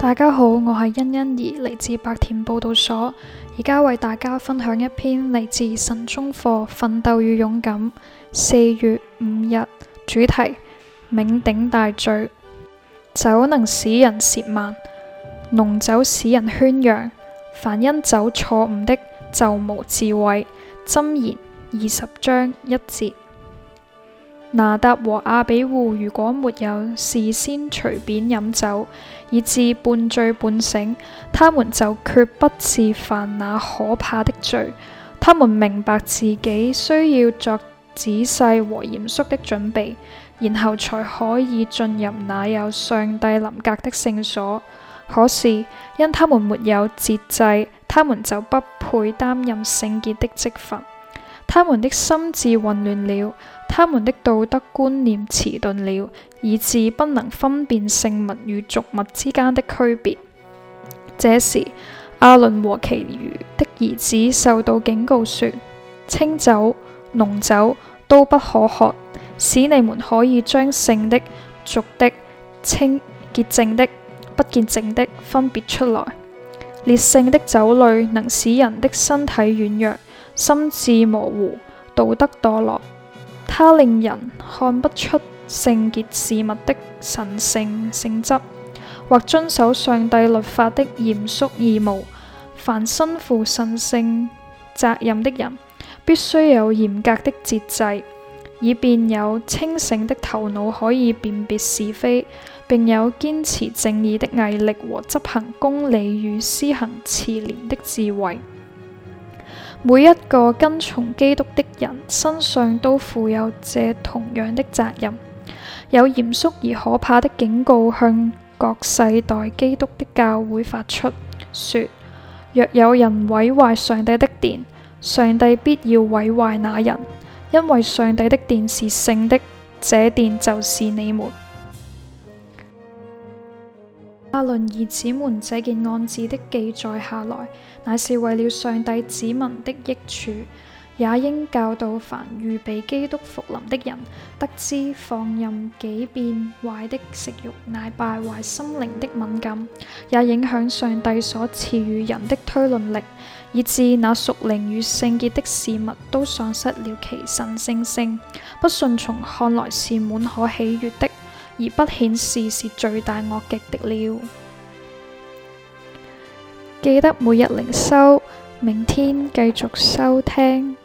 大家好，我係欣欣兒，嚟自白田報道所，而家為大家分享一篇嚟自神中課《奮鬥與勇敢》四月五日主題：酩酊大醉。酒能使人褻慢，濃酒使人喧嚷，凡因酒錯誤的，就無智慧。箴言二十章一節。拿達和亞比戶如果沒有事先隨便飲酒，以致半醉半醒，他們就決不致犯那可怕的罪。他們明白自己需要作仔細和嚴肅的準備，然後才可以進入那有上帝臨格的聖所。可是因他們沒有節制，他們就不配擔任聖潔的職份。他們的心智混亂了，他們的道德觀念遲鈍了，以致不能分辨聖物與俗物之間的區別。這時，阿倫和其餘的兒子受到警告說：清酒、濃酒都不可喝，使你們可以將聖的、俗的、清潔淨的、不潔淨的分別出來。烈性的酒類能使人的身體軟弱。心智模糊、道德墮落，它令人看不出聖潔事物的神聖性質，或遵守上帝律法的嚴肅義務。凡身負神聖責任的人，必須有嚴格的節制，以便有清醒的頭腦可以辨別是非，並有堅持正義的毅力和執行公理與施行慈憐的智慧。每一個跟從基督的人身上都負有這同樣的責任，有嚴肅而可怕的警告向各世代基督的教會發出，說：若有人毀壞上帝的殿，上帝必要毀壞那人，因為上帝的殿是聖的，這殿就是你們。阿倫兒子們這件案子的記載下來，乃是為了上帝子民的益處，也應教導凡預備基督復臨的人，得知放任己變壞，壞的食慾乃敗壞心靈的敏感，也影響上帝所賜予人的推論力，以致那屬靈與聖潔的事物都喪失了其神聖性。不順從看來是滿可喜悅的。而不顯示是罪大惡極的了。記得每日靈修，明天繼續收聽。